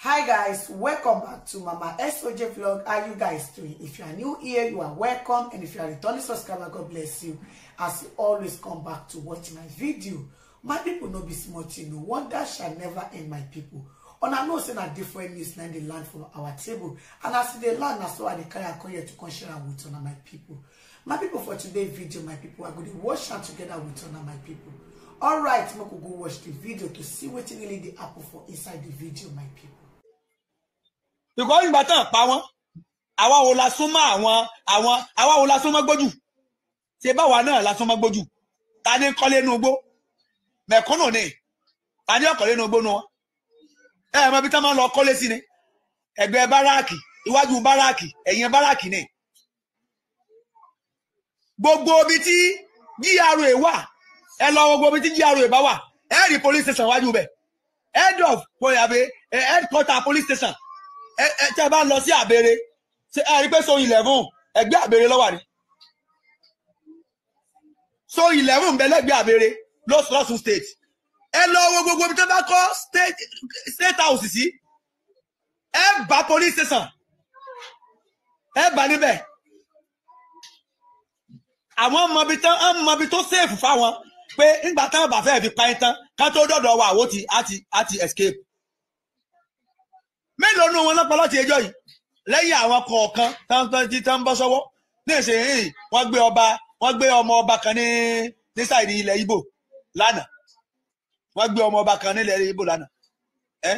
hi guys welcome back to mama soj vlog how you guys doing if you are new here you are welcome and if you are returning subscriber god bless you as you always come back to watch my video my people no be small thing no wonder shall never end my people and i know say na different news na dey land from our table and as e land na so i dey carry come here to come share am with una my people my people for today's video my people are going to watch am together with una my people All alright make we go watch the video to see what really the apple for inside the video my people because ìgbà tán pa wọ́n àwa wo la súnmọ́ àwọn àwọn àwa wo la súnmọ́ gbójú ṣe báwa náà la súnmọ́ gbójú ta ni kọ́lé inú igbó mẹ̀kúnnù ni ta ni ọkọ̀lé inú igbó nu wọn ẹ ẹ mọ ibi tí wọn máa ń lọ kọ́lé sí ni ẹgbẹ́ báráàkì iwájú báráàkì ẹ̀yìn báráàkì ni gbogbo ibi tí GRA wà ẹ lọ gbogbo ibi tí GRA bá wà ẹ rí police station wájú bẹ head of eh, headquarter police station ẹ ẹ tẹ bá lọ sí àbèrè ṣe ẹ rí pé so eleven ẹgbẹ́ àbèrè ló wà ní. so eleven bẹ lẹ́gbẹ̀ẹ́ àbèrè lọ́sọ̀ọ́sùn state ẹ lọ wo gbogbo ibi tó bá kọ́ state state house sí ẹ bá police station ẹ bá níbẹ̀ àwọn mọbi tán ń mọbi tó sèfù fáwọn pé ńgbà táwọn bá fẹ́ẹ́ fi pa ẹ tán ká tó dọ̀dọ̀ wa àwòtí àti àti escape mélòó nu wọn lọ́pọ̀ láti ẹjọ́ yìí lẹ́yìn àwọn kọ̀ọ̀kan tán tí tán bọ́ sọ́wọ́ nísìnyí wọ́n gbé ọba wọ́n gbé ọmọ ọba kan ní ní sáìdì ilẹ̀ Ìgbò lánàá wọ́n gbé ọmọ ọba kan nílẹ̀ Ìgbò lánàá ẹ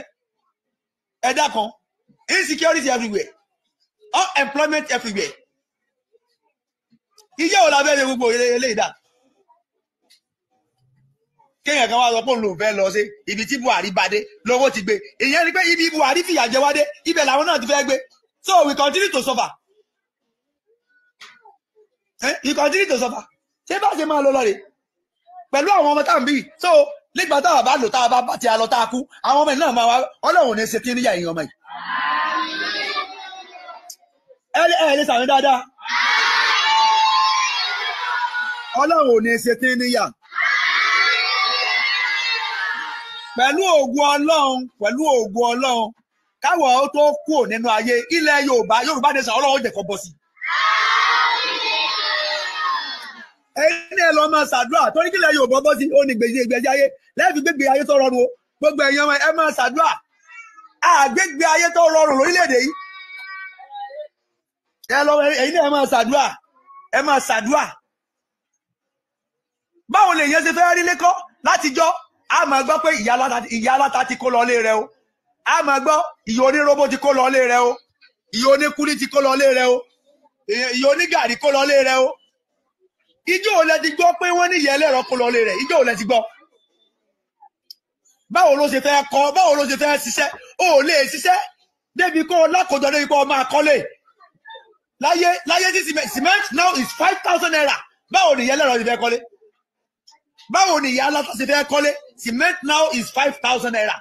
ẹ dákan insecurity everywhere unemployment everywhere iye wo la fẹ́ ṣe gbogbo eléyìí dáa. kéèyàn kan wá sọ pé òun fẹ́ lọ sí ibi tí Buhari bá dé lọ́wọ́ ti gbé ìyẹn ni pé ibi Buhari fìyà jẹ wá dé ibẹ̀ làwọn náà ti fẹ́ gbé so we continue to suffer eh we continue to suffer ṣé bá ṣe máa lọ lọ rè pẹ̀lú àwọn ọmọ tá à so nígbà tá a bá lò tá a bá ti a lọ tá a kú àwọn ọmọ náà máa wá Ọlọ́run ò ní ṣe kí níyà ẹ̀yìn ọmọ yìí ẹ ẹ lè sàmì dáadáa Ọlọ́run ní ṣe kí níyà. pẹ̀lú ògùn ọlọ́run pẹ̀lú ògùn ọlọ́run káwọ̀ ó tó kú nínú ayé ilẹ̀ yorùbá yorùbá ní sàn ọlọ́run jẹ̀kọ́ bọ̀ sí. ẹni ẹ lọ máa ṣàdúrà torí kílẹ̀ yorùbá bọ́ sí ó ní gbèsè gbèsè ayé lẹ́ẹ̀fi gbégbé ayé tó rọrùn o gbogbo ẹ̀yàn ẹ máa ṣàdúrà àgbégbé ayé tó rọrùn lórílẹ̀‐èdè yìí ẹ lọ ẹ máa ṣàdúrà ẹ máa ṣàdúrà báwo lèèyàn ṣe fẹ́ rí lẹ́kọ́ látijọ́ a máa gbọ́ pé ìyá aláta ti kó lọlé rẹ o a máa gbọ́ ìyá oníróbó ti kó lọlé rẹ o ìyá oníkúlí ti kó lọlé rẹ o ìyá onígàrí kó lọlé rẹ o ìjọ ò lẹ ti gbọ́ pé wọ́n ní ìyá ẹlẹ́rọ kó lọlé rẹ ìjọ ò lẹ ti gbọ́ báwo ló ṣe fẹ́ kọ́ báwo ló ṣe fẹ́ ṣiṣẹ́ o ò lè ṣiṣẹ́ débi kó lákòjọ débi kó máa kọ́lé láyé láyé sí cement now is five thousand naira báwo ni ìyá ẹlẹ́rọ ti fẹ́ kọ́lé báwo ni ìyá aláta ṣe fẹ́ kọ́lé cement now is five thousand naira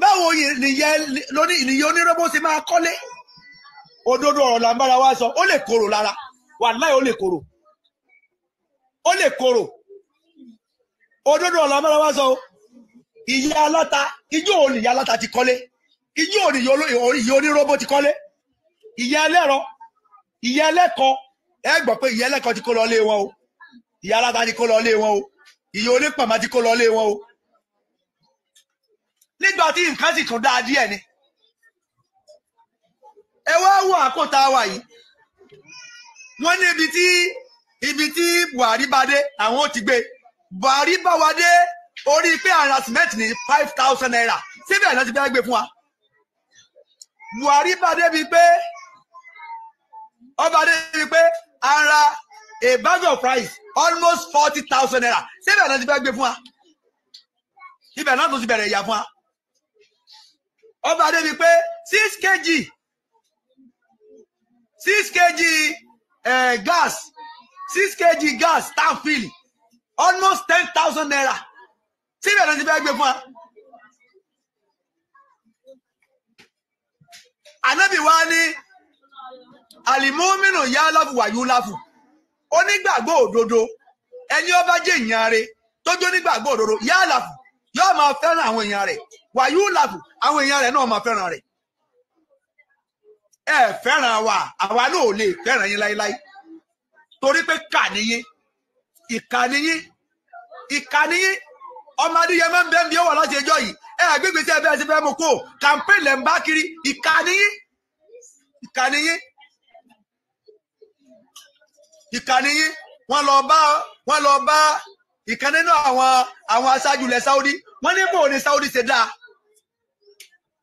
báwo nìyẹn onírọ́bó ṣe máa kọ́lé òdodo ọ̀rọ̀ là ń bára wa sọ ó lè korò lára wàláì ó lè korò ó lè korò òdodo ọ̀rọ̀ là ń bára wa sọ ìyá aláta ijó òun ìyá aláta ti kọ́lé ijó òun ìyá onírọ́bó ti kọ́lé ìyá ẹlẹ́rọ ìyá ẹlẹ́kọ ẹ gbọ́ pé ìyá ẹlẹ́kọ ti kó lọ lé wọn o ìyá aláta ni kó lọ lé wọn o ìyá onípàmà ti kó lọ lé wọn o nígbà tí nǹkan sì tún dáa díẹ̀ ni ẹ wá wo àkótá wa yìí wọ́n ní ibi tí ibi tí Buhari bá dé àwọn ò ti gbé Buhari bá wa dé orí pé àrà cement ní five thousand naira síbẹ̀ náà ti fẹ́ gbé fún wa Buhari bá débi pé ọba débi pé ara a bag of rice almost forty thousand naira síbẹ̀ náà ti fẹ́ gbé fún wa ibẹ̀ náà tó ti bẹ̀rẹ̀ ìyà fún wa ọba débi pé six kg six kg eh, gas six kg gas tanfil almost ten thousand naira síbẹ̀ náà ti fẹ́ gbé fún wa. ànábì wa ni alimominu yalafu wa yulafu. onígbàgbọ́ òdodo ẹni ọba jẹ́ èèyàn rẹ̀ tójú onígbàgbọ́ òdodo yá làbù yóò máa fẹ́ràn àwọn èèyàn rẹ̀ wàyú làbù àwọn èèyàn rẹ̀ náà máa fẹ́ràn rẹ̀ ẹ fẹ́ràn wa àwa náà ò lè fẹ́ràn yín láíláí torí pé kà níyín ìkà níyín ìkà níyín ọmọ adéyẹmọ ń bẹ bí ó wà láti ẹjọ́ yìí ẹ àgbègbè tí ẹ ìkànnì yín wọ́n lọ bá wọ́n lọ bá ìkan nínú àwọn àwọn aṣáájú ilẹ̀ Saudi wọ́n ní bò ní Saudi ṣe dáa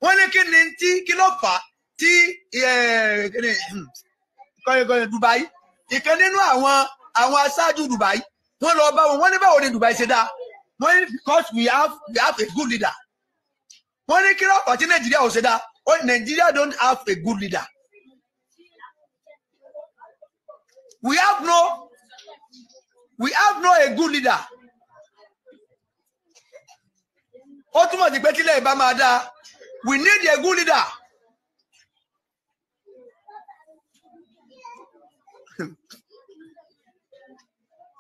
wọ́n ní kí ni tí kí ló fà á tí kọ́yọ̀kọ́yọ̀ Dubai ìkan nínú àwọn àwọn aṣáájú Dubai wọ́n lọ bá wọn wọ́n ní báwo ni Dubai ṣe dáa wọ́n ní because we have we have a good leader wọ́n ní kí ló fà á tí Nàìjíríà ò ṣe dáa Nàìjíríà don't have a good leader We have no, we have no a good leader. Ó túmọ̀ sí pé tílẹ̀ ìbá máa dáa. We need a good leader.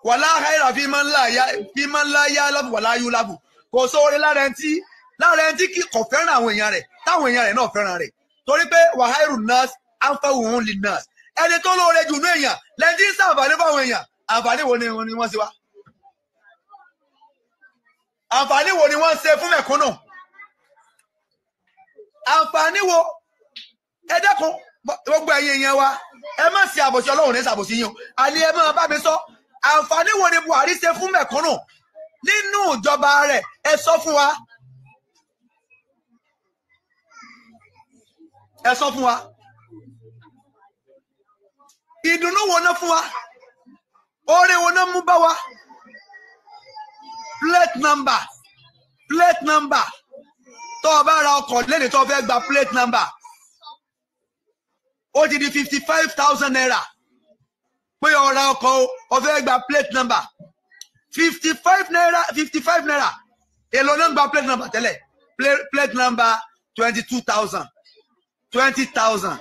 wàlá àkàìrà fi máa ń lá yá lábù wàlá yú lábù kò sóore lára ẹni tí lára ẹni tí kò fẹ́ràn àwọn èèyàn rẹ̀ táwọn èèyàn rẹ̀ náà fẹ́ràn rẹ̀ torí pé wàháìrù nurse anfẹ́wùhún lè nurse ẹni tó lóore jù ní èèyàn lẹ́yìn tí sàǹfààní fáwọn èèyàn àǹfààní wo ni wọ́n ṣe wá àǹfààní wo ni wọ́n ṣe fún mẹ̀kúnnù àǹfààní wo ẹ dẹ́kun gbogbo ẹ̀yin èèyàn wa ẹ má ṣe àbòsí ọlọ́run ní ṣàbòsí yín o àní ẹ máa bá mi sọ àǹfààní wo ni Buhari ṣe fún mẹ̀kúnnù nínú ìjọba rẹ̀ ẹ sọ fún wa ẹ sọ fún wa ìdùnnú wo ná fún wa oore wo ná mú bá wa plate number plate number tó o bá ra ọkọ̀ lẹ́ni tó o fẹ́ gba plate number ó ti di fifty five thousand naira pé o ra ọkọ̀ o o fẹ́ gba plate number fifty five naira fifty five naira èlò náà ń gba plate number tẹ́lẹ̀ plate number twenty two thousand twenty thousand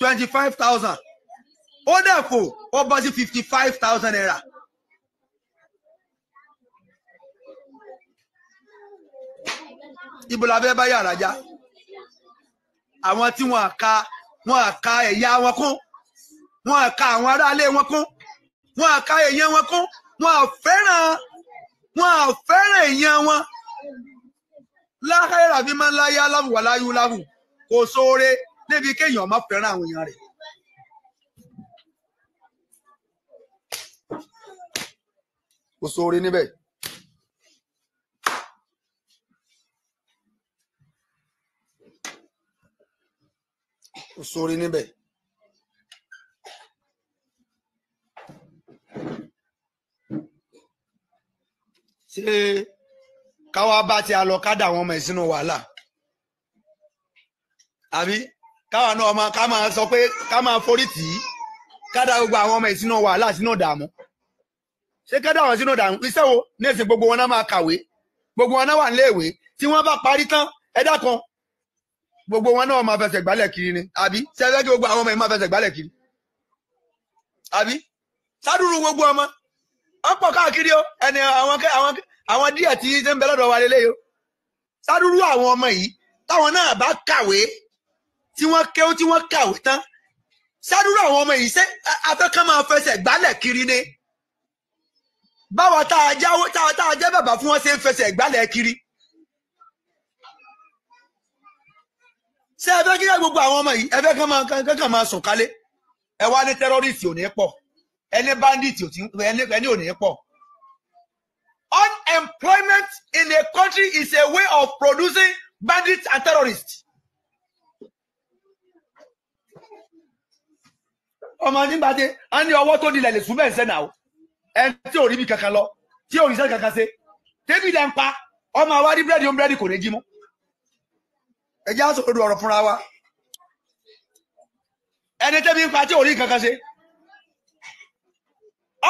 twenty five thousand ó therefore, fò ó bọ́ sí fifty five thousand naira. ibo la fẹ́ bá yàrá já àwọn tí wọ́n ka wọ́n ka ẹ̀yà wọn kún wọ́n ka àwọn aráalé wọn kún wọ́n ka èèyàn wọn kún wọ́n fẹ́ràn wọ́n fẹ́ràn èèyàn wọn láhàírà fi máa ń láyé aláwùwà láyú láwù kò sóore níbi kéèyàn má fẹ́ràn àwọn èèyàn rẹ̀. kò sóore níbẹ̀ kò sóore níbẹ̀. ṣé káwá bá ti a lọ kádà àwọn ọmọ ẹ̀ sínú wàhálà àbí káwa náà ọmọ ká máa sọ pé ká máa forí tì í kádà gbogbo àwọn ọmọ ẹ̀ sínú wàhálà sínú ìdààmú ṣé kẹ́dà wọn sínú dànù iṣẹ́ wo ní èsì gbogbo wọn náà máa kàwé gbogbo wọn náà wà níléèwé tí wọ́n bá parí tán ẹ̀dá kan gbogbo wọn náà máa fẹsẹ̀ gbálẹ̀ kiri ni àbí ṣe fẹ́ kí gbogbo àwọn ọmọ yìí máa fẹsẹ̀ gbálẹ̀ kiri àbí sádùrù gbogbo ọmọ wọn pọ̀ káàkiri o ẹni àwọn àwọn àwọn díẹ̀ tí ṣe ń bẹ lọ́dọ̀ wa lélẹ́yìí o sádùrù àwọn ọmọ yìí táwọn náà bá kàwé tí wọ́n kéwú tí wọ́n kàwé tán sádùrù àwọn ọmọ yìí ṣe afẹ́kàn máa fẹsẹ̀ gbálẹ̀ kiri ni báwa tá a jáwó tá a jẹ́ bàbá fún wọn ṣe ń fẹsẹ̀ ìgbálẹ̀ kiri. ṣé ẹ fẹ́ kí gbogbo àwọn ọmọ yìí ẹ fẹ́ kankan máa sùn kálé ẹ wá ní tẹ́rọ́rìsì ò ní pọ̀ ẹni bandit ò ò ní pọ̀. Unemployment in a country is a way of producing bandits and terrorists. ọmọ nígbàdé a ní ọwọ́ tó dilẹ̀ lè sùn bẹ́ẹ̀ sẹ́nà o ẹni tí ò rí bí kankan lọ tí ò rí sẹ́ni kankan ṣe david ẹ̀ pa ọmọ àwa rí búrẹ́dì ó ń búrẹ́dì kò ní jí mú ẹ jẹ́ àṣọ odò ọ̀rọ̀ fúnra wa ẹni tẹ́bi ń pa tí ò kankan ṣe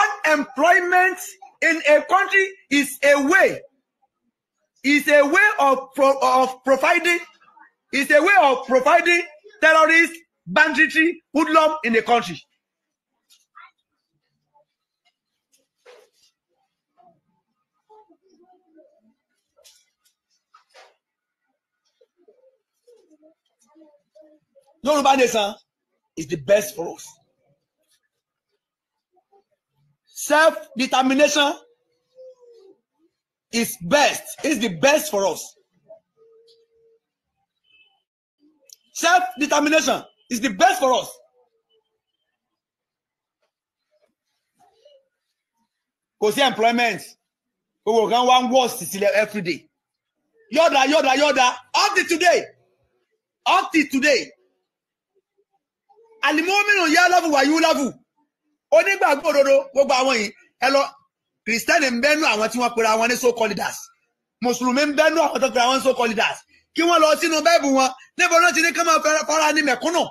unemployment in a country is a way is a way of pro of providing is a way of providing terrorist banditry hoodlum in a country. Yoruba nation is the best for us. Self-determination is best, is the best for us. Self-determination is the best for us. Kò sí employment, owó kan wá ń wọ̀ sí sílẹ̀ everyday. Yọ̀dà yọ̀dà yọ̀dà up to today up till today alimominu yá lọ́fù wàyú lọ́fù onígbàgbọ́ òdodo gbogbo àwọn yìí ẹ lọ kìrìsìtẹ́nì ń bẹ́nu àwọn tí wọ́n pera wọn ní so called leaders mùsùlùmí ń bẹ́nu àwọn tó pera wọn ní so called leaders kí wọ́n lọ sínú bẹ́ẹ̀bù wọn níbo náà ti ní ká máa fara ní mẹ̀kúnnù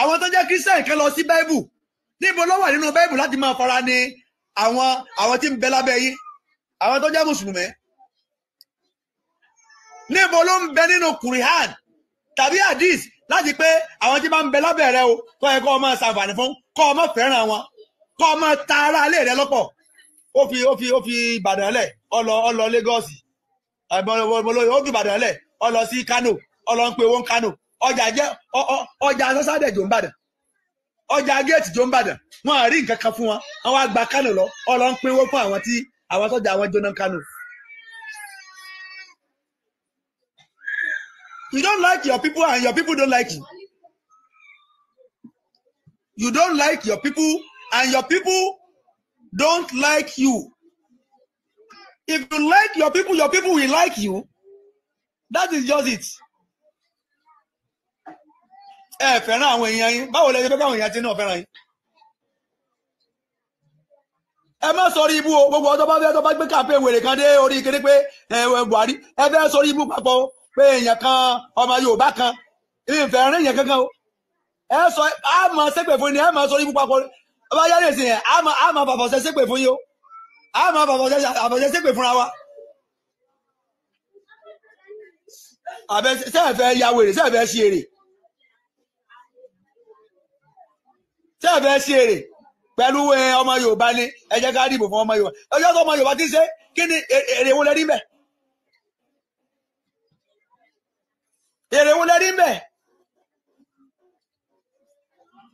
àwọn tó jẹ́ kìrìsìtẹ́nì kan lọ sí bẹ́ẹ̀bù níbo ló wà nínú bẹ́ẹ̀bù láti máa fara ní àwọn àwọn tí ń bẹ lábẹ́ yìí àwọn tó jẹ́ mùsùlùmí níbo ló ń bẹ nínú kùrìhàn tàbí hadith láti pé àwọn tí bá ń bẹ lábẹ́rẹ́ o tó yẹ kó o máa ṣàǹfààní fún kó o máa fẹ́ràn wọn kó o máa ta ara ilé rẹ lọ́pọ̀ ó fi ó fi ó fi ìbàdàn lẹ̀ ó lọ ó lọ Lagos ọmọlóyè ó fi ìbàdàn lẹ̀ ó lọ sí Kano ó lọ ń pe owó ń Kano ọjà jẹ ọjà sọ́sádẹ̀ jò ń bàdàn ọjà géètì jò ń bàdàn wọn àrí nǹkan kan fún wọn àwọn àgbà Kano lọ ó lọ ń pinwó fún àwọn tí àwọn sọ́jà àwọn jóná Kano You don't like your people and your people don't like you. You don't like your people and your people don't like you. If you like your people, your people will like you. That is just it. Ẹ fẹ́ràn àwọn èèyàn yín. Báwo lẹ ṣe fẹ́ èèyàn ti náà fẹ́ràn yín? ẹ má sọ orí ibú o gbogbo ọjọ́ bá fẹ́ tó bá gbé kàmpé wèrè kan dé orí kékeré pé ẹ Buhari ẹ fẹ́ sọ orí ibú papọ̀ o pé èèyàn kan ọmọ Yorùbá kan ìfẹ́ rìn yẹn kankan o ẹ sọ àmọ́ ṣépè fún ni àmọ́ sọ ní púpọ̀ kọ́ni ọba yára èsì yẹn àmọ́ àmọ́ bàbọ̀sẹ̀ ṣépè fún yìí o àmọ́ bàbọ̀sẹ̀ ṣépè fúnra wa. àbẹ sẹ́ẹ̀fẹ́ ya wèrè sẹ́ẹ̀fẹ́ ṣe èrè sẹ́ẹ̀fẹ́ ọmọ Yorùbá ni ẹ jẹ́ ká dìbò fún ọmọ Yorùbá ọjọ́ tó ọmọ Yorùbá ti ṣe kí ni èrè wo rí bẹ́ẹ̀. èrè wo lẹ rí mbẹ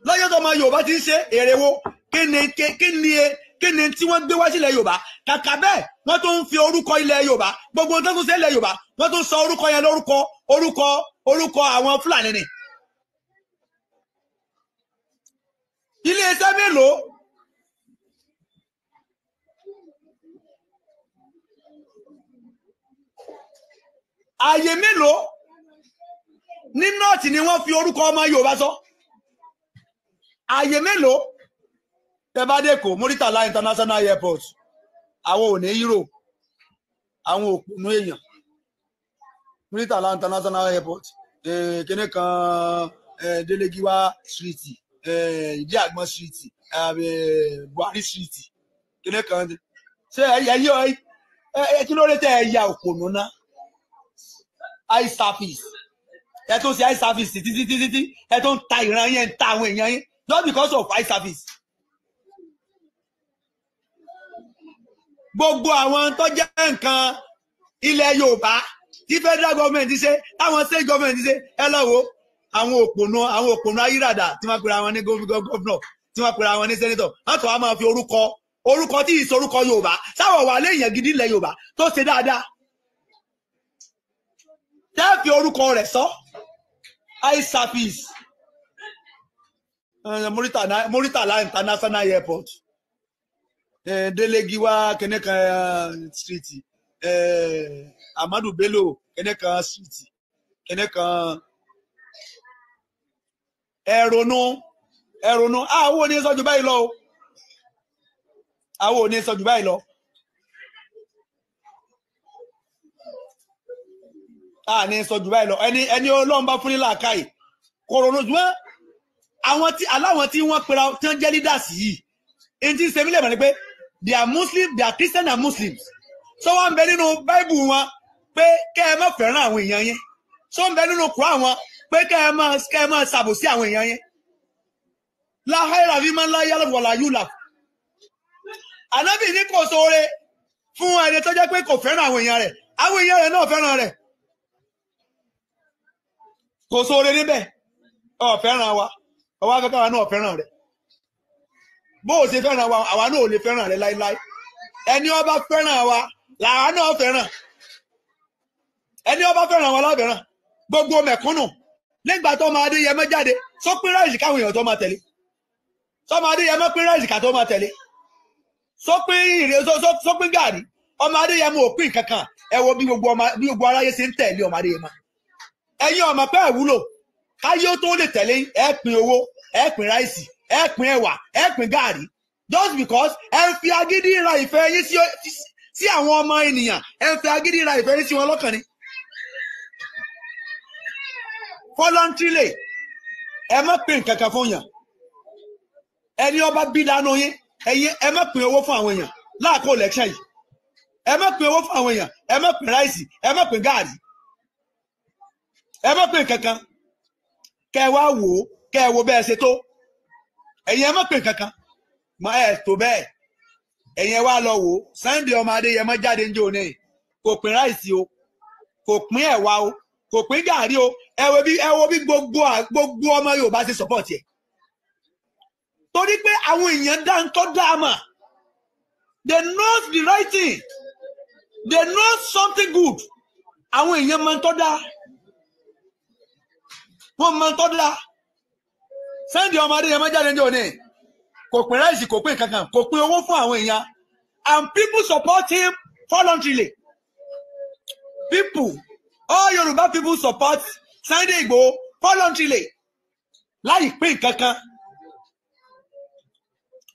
lọ́jọ́ tó ọmọ Yorùbá ti ń ṣe èrè wo kí ni kí ni kí ni tí wọ́n gbé wá sílẹ̀ Yorùbá kàkà bẹ́ẹ̀ wọ́n tó ń fi orúkọ ilẹ̀ Yorùbá gbogbo tó tún ṣe ilẹ̀ Yorùbá wọ́n tó ń sọ orúkọ yẹn lórúkọ orúkọ orúkọ àwọn Fúlàní ni. iléeṣẹ́ mélòó ààyè mélòó ní nọ́ọ̀tì ni wọ́n fi orúkọ ọmọ Yorùbá sọ ààyè mélòó tẹbádẹkọ Muritala International Airport àwọn ò ní euro àwọn òpònú èèyàn Muritala International Airport kíní kan Delegiwa street ìdí àgbọn street Buhari street kíní kan ṣé ẹyẹ ẹ kí ló dé tẹ ẹ ya òpònú náà ice surface. ẹ tó ń ṣe eye service títí títí títí ẹ tó ń ta ìran yẹn ń ta àwọn èèyàn yín not because of eye service. gbogbo àwọn tó jẹ́ nǹkan ilẹ̀ Yorùbá tí federal government ṣe táwọn state government ṣe ẹ lọ wo àwọn òpònà àwọn òpònà ayírádà tí wọ́n pera wọn ní gómìnà tí wọ́n pera wọn ní senator wọ́n tọ́ wa máa fi orúkọ orúkọ tí ìsorúkọ Yorùbá sáwọ̀ wà léèyàn gidi ilẹ̀ Yorùbá tó ṣe dáadáa dáàfi orúkọ rẹ̀ sọ isafis eh, la International Airport eh, Delegiwa kẹnẹkan eh, street Amadu Bello kẹnẹkan street kẹnẹkan ẹrọnú ẹrọnú àwọn ah, ò ní sọ jù báyìí lọ àwọn ò ní sọ jù báyìí lọ. a ah, ní sọ jù báyìí lọ ẹni ẹni ọlọ́run bá fún ní làákàyè kò ronú jù wọ́n àwọn tí aláwọn tí wọ́n pera tí wọ́n jẹ́ leaders yìí èyí tí ṣe mí ni pé they are muslim they are christian and muslims so wọ́n ń bẹ nínú bible wọn pé kẹ́ ẹ má fẹ́ràn àwọn èèyàn yẹn so ń bẹ nínú Kùránì wọn pé kẹ́ ẹ má kẹ́ ẹ má ṣàbòsí àwọn èèyàn yẹn láhàírà fi máa ń láyé aláwọ̀lá yúlà ànábì ní kò sóore fún ẹni tó jẹ́ pé kò fẹ́ràn àwọn èèyàn rẹ̀ àwọn èèyàn rẹ̀ náà fẹ́ràn rẹ̀ kò sóore níbẹ̀ ọ̀fẹ́ràn wa ọwọ́ akẹ́kọ̀ọ́ àwa náà ọ̀fẹ́ràn rẹ bó o fẹ́ràn wa àwa náà ò lè fẹ́ràn rẹ láéláé ẹni ọba fẹ́ràn wa làwa náà fẹràn ẹni ọba fẹràn wa gbogbo mẹ̀kúnnù nígbà tó máa dé yẹmẹ jáde sọ pé ráìsì káwọn èèyàn tó máa sọ máa dé yẹmẹ pé ráìsì tó máa sọ pé ìrè sọ pé ọmọ adéyẹmọ òpin kankan ẹ wo bí gbogbo ẹ̀yin ọmọ pé ẹ̀ wúlò káyé tó lè tẹ̀lé ẹ̀ pín owó ẹ̀ pín ráìsì ẹ̀ pín ẹ̀wà ẹ̀ pín gààrí just because ẹ̀ fi agídí ra ìfẹ́ yín sí àwọn ọmọ ènìyàn ẹ̀ fi agídí ra ìfẹ́ yín sí wọn lọ́kàn ni. voluntarily ẹ má pín kankan fún yàn ẹni ọba bí lánàá yín ẹ̀yin ẹ má pín owó fún àwọn èèyàn láàkó election yìí ẹ má pín owó fún àwọn èèyàn ẹ má pín ráìsì ẹ má pín gààrí ẹ má pè kankan kẹ wá wò ó kẹ wo bẹ́ẹ̀ ṣe tó ẹ̀yin ẹ má pè kankan mọ ẹ tó bẹ́ẹ̀ ẹ̀yin ẹ wá lọ wò ó Sunday ọmọ Adéyẹmọ jáde ń jò ní kò pín ráìsì o kò pín ẹ̀wà o kò pín gàrí o ẹ bí ẹ bí gbogbo gbogbo ọmọ Yorùbá ṣe support ẹ torí pé àwọn èèyàn dáńtọ́ dáàmà they know the right thing they know something good àwọn èèyàn máa ń tọ́ dáa wọ́n mọ tó dá Sunday ọmọ Adéyẹmọ jáde ní òní kò pín ráìsì kò pín kankan kò pín owó fún àwọn èèyàn and people support him voluntarily people all Yorùbá people support Sunday Igboho voluntarily láì pín kankan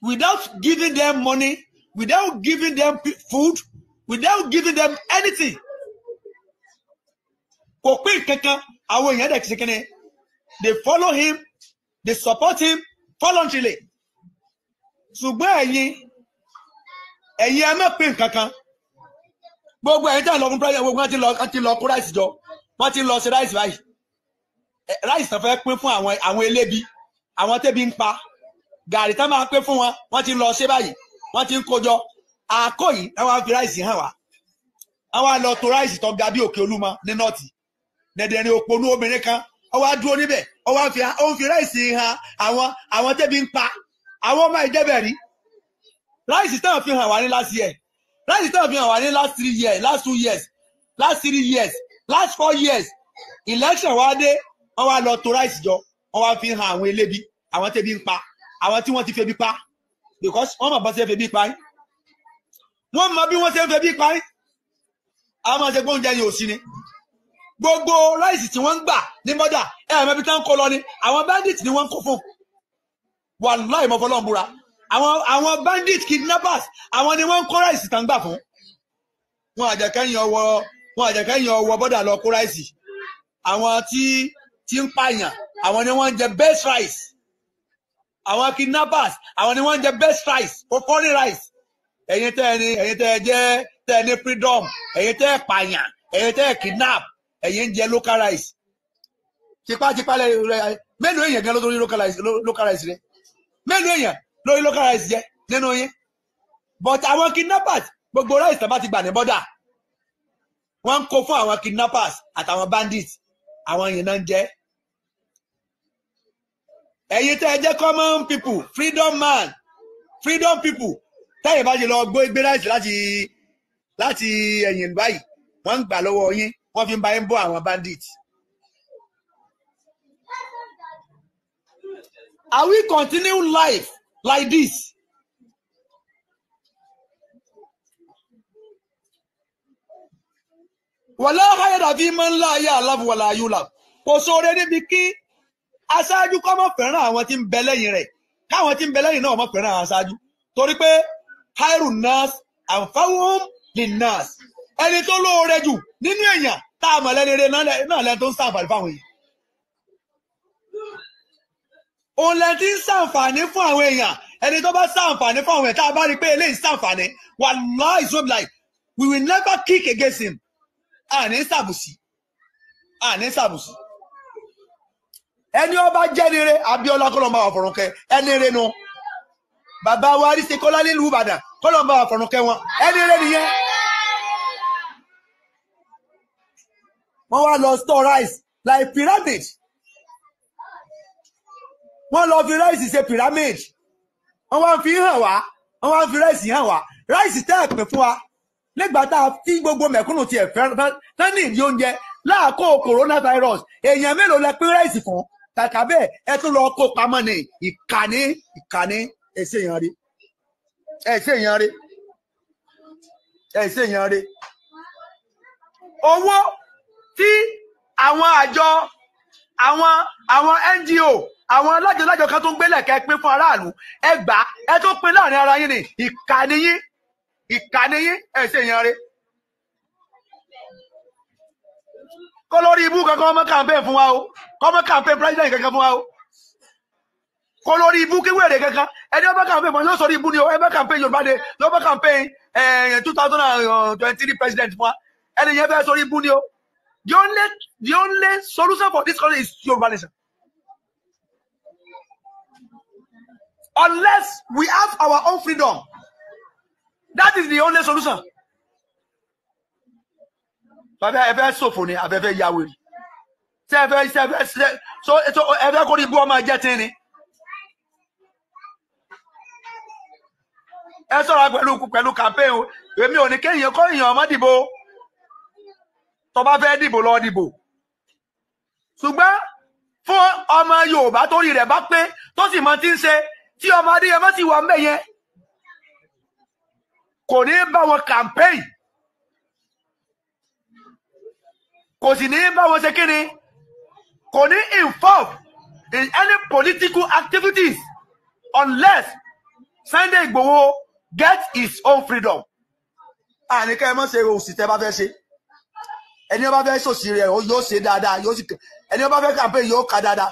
without giving them money without giving them food without giving them anything kò pín kankan àwọn èèyàn dẹ̀ ti they follow him they support him voluntarily ṣùgbọ́n ẹ̀yin ẹ̀yin ẹ má pè nǹkankan gbogbo ẹ̀yin tí a lọ fún prayer gbogbo wọn ti lọ wọn ti lọ kó rice jọ wọn ti lọ sí rice báyìí rice tán fẹ́ pín fún àwọn àwọn elébi àwọn tẹ́bi ń pa gàrí tán máa pín fún wọn wọn ti lọ ṣe báyìí wọn ti ń kójọ àkó yìí àwọn fi rice hàn wá àwọn àlọ́ tó rice tó ga bí òkè olúmọ ní nọ́ọ̀tì dẹ̀dẹ̀rin òpó ní obìnrin kan ọwọ́ adúró níbẹ̀ ọwọ́ òun fi ráìsì han àwọn àwọn tẹ́bi ń pa àwọn ọmọ ìjẹ́bẹ̀ rí ráìsì táwọn fi hàn wá ní last year láti tẹ́ òfin àwa ní last three years last two years last three years last four years election wa dé wọ́n wá lọ tó rice jọ wọ́n wá fi hàn àwọn elébi àwọn tẹ́bi ń pa àwọn tí wọ́n ti febi pa because wọ́n mọ̀ bá ṣe febi pa yín wọ́n mọ̀ bí wọ́n ṣe ń febi pa yín àwọn máa ṣe gbóúnjẹ yìí ò sí ni gbogbo rice tí wọ́n ń gbà ní mọ́dà ẹ̀ẹ́mẹ́bí tán kó lọ ni àwọn bandit ni wọ́n ń kó fún wàláì mọ́ fọlọ́n búra àwọn àwọn bandit kidnappers àwọn ni wọ́n ń kó ráìsì tán gbà fún wọn àjàkẹ́yìn ọwọ́ wọn àjàkẹ́yìn ọwọ́ bọ́dà lọ kó ráìsì àwọn tí tí ń pààyàn àwọn ni wọ́n ń jẹ best rice àwọn kidnappers àwọn ni wọ́n ń jẹ best rice for foreign rice ẹ̀yin tẹ́ ẹni ẹ̀yin tẹ́ ẹ jẹ́ tẹ́ ẹni freedom ẹ̀yin tẹ́ ẹ pààyàn ẹ̀yin tẹ́ ẹ kidnap ẹ̀yin ń jẹ local rice tipátipá lẹ rẹ mélòó èèyàn gan lórí local rice local rice rẹ mélòó èèyàn lórí local rice jẹ nínú yín but àwọn kidnappers gbogbo rice tàbá ti gbà ní bọ́dà wọ́n ń kó fún àwọn kidnappers àtàwọn bandits àwọn yìí náà ń jẹ ẹ̀yin tẹ́ ẹ jẹ́ common people freedom man freedom people tẹ́yìn bá ṣe lọ gbé gbé rice láti láti ẹ̀yìn báyìí wọ́n ń gbà lọ́wọ́ yín wọ́n fi ń báyé ń bọ́ àwọn bandit. Are we continue life like this? wàlá ayọ̀dà fi máa ń lá ayé àlàfo wàlá ayọ̀là kò sóore níbi kí aṣáájú kọ́ mọ̀ fẹ́ràn àwọn tí ń bẹ lẹ́yìn rẹ̀ káwọn tí ń bẹ lẹ́yìn náà mọ̀ fẹ́ràn aṣáájú torí pé kairu nas anfawum lin nas ẹni tó lóore jù nínú èèyàn tá a mọ̀ lẹ́ni rere náà lẹ́ni tó ń sàǹfààní fáwọn èèyàn. òun lẹ́ni tí ń sàǹfààní fún àwọn èèyàn ẹni tó bá sàǹfààní fún àwọn èèyàn tá a bá rí i pé eléyìí sàǹfààní wallahi billahi we will never kick against him àní sàbùsì àní sàbùsì ẹni ọba jẹnire abiola kọlọmọ àfọrùnkẹ ẹni renu bàbá wa arísẹ kọlá nílùú ìbàdàn kọlọmọ àfọrùnkẹ wọn ẹni rẹ nìyẹn. wọ́n wá lọ store rice like pyramid wọ́n lọ fi rice ṣe pyramid wọ́n wá fi hàn wá wọ́n wá fi rice hàn wá rice tẹ́ ẹ̀ pè fún wa nígbà tá a fi gbogbo mẹ̀kúnnù tiẹ̀ fẹ́ tẹ́nì ìdí oúnjẹ láàkó coronavirus èèyàn mélòó lẹ pín rice fún kàkà bẹ́ẹ̀ ẹ tún lọ kó pamọ́ ní ìkànnì ìkànnì ẹ ṣe èèyàn rí ẹ ṣe èèyàn rí ẹ ṣe èèyàn rí owó tí àwọn àjọ àwọn àwọn NGO àwọn alájọlájọ kan tó ń gbélé ẹ̀ka ẹ pín fún aráàlú ẹ gbà ẹ tó pín láàrin ara yín ni ìkà ni yín ìkà ni yín ẹ ṣe yan re. kó lórí ibú kankan ọmọ campaign fún wa o kó ọmọ campaign president kankan fún wa o kó lórí ibú kíwèrè kankan ẹni ọmọ campaign fún wa yóò sọ ibú ni o ẹmọ campaign Yorùbá de lọ́mọ campaign eh, two thousand and twenty three president fún wa ẹni yẹn fẹ́ sọ ibú ni o. The only the only solution for this country is Yoruba Unless we have our own freedom, that is the only solution. so so ẹ fẹ́ kó ní campaign o, èmi ò ní kéèyàn kọ́ èèyàn ọmọ tó bá fẹ́ dìbò lọ dìbò ṣùgbọ́n fún ọmọ Yorùbá tó rí rẹ̀ bá pé tó sì mọ tí ń ṣe tí ọmọ Adéyẹmọ sì wà mẹ́ yẹn kò ní bá wọn campaign kò sì ní bá wọn ṣe kíni kò ní involve in any political activities unless Sunday Igboho gets his own freedom. àníkẹ́ ah, ẹ mọ̀ ṣe òsì tẹ́ bá fẹ́ ṣe ẹni ó bá fẹ́ sòsì rẹ̀ yóò ṣe dáadáa yóò sì ẹni ó bá fẹ́ campaign yóò ka dáadáa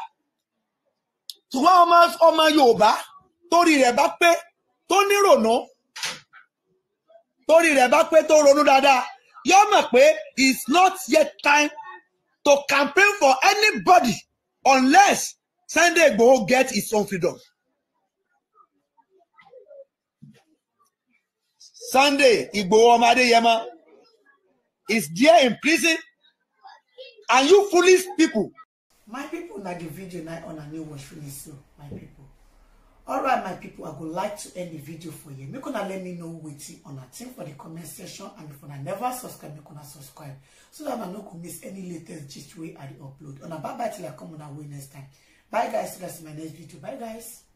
ṣùgbọ́n ọmọ ọmọ Yorùbá torí rẹ̀ bá pé tó nírònú torí rẹ̀ bá pé tó ronú dáadáa yóò mọ̀ pé it's not yet time to campaign for anybody unless Sunday Igboho get his own freedom. Sunday Igboho ọmọ Adéyẹmọ is there in prison and you foolish people. my pipo na di video na on a new watch finish so my pipo alright my pipo i go like to end di video for you make una let me know wetin una think for di comment section and if una never subscribe make una subscribe so dat una no go miss any latest gist wey i dey upload una bye bye till i come una way next time bye guys see you guys my next video bye guys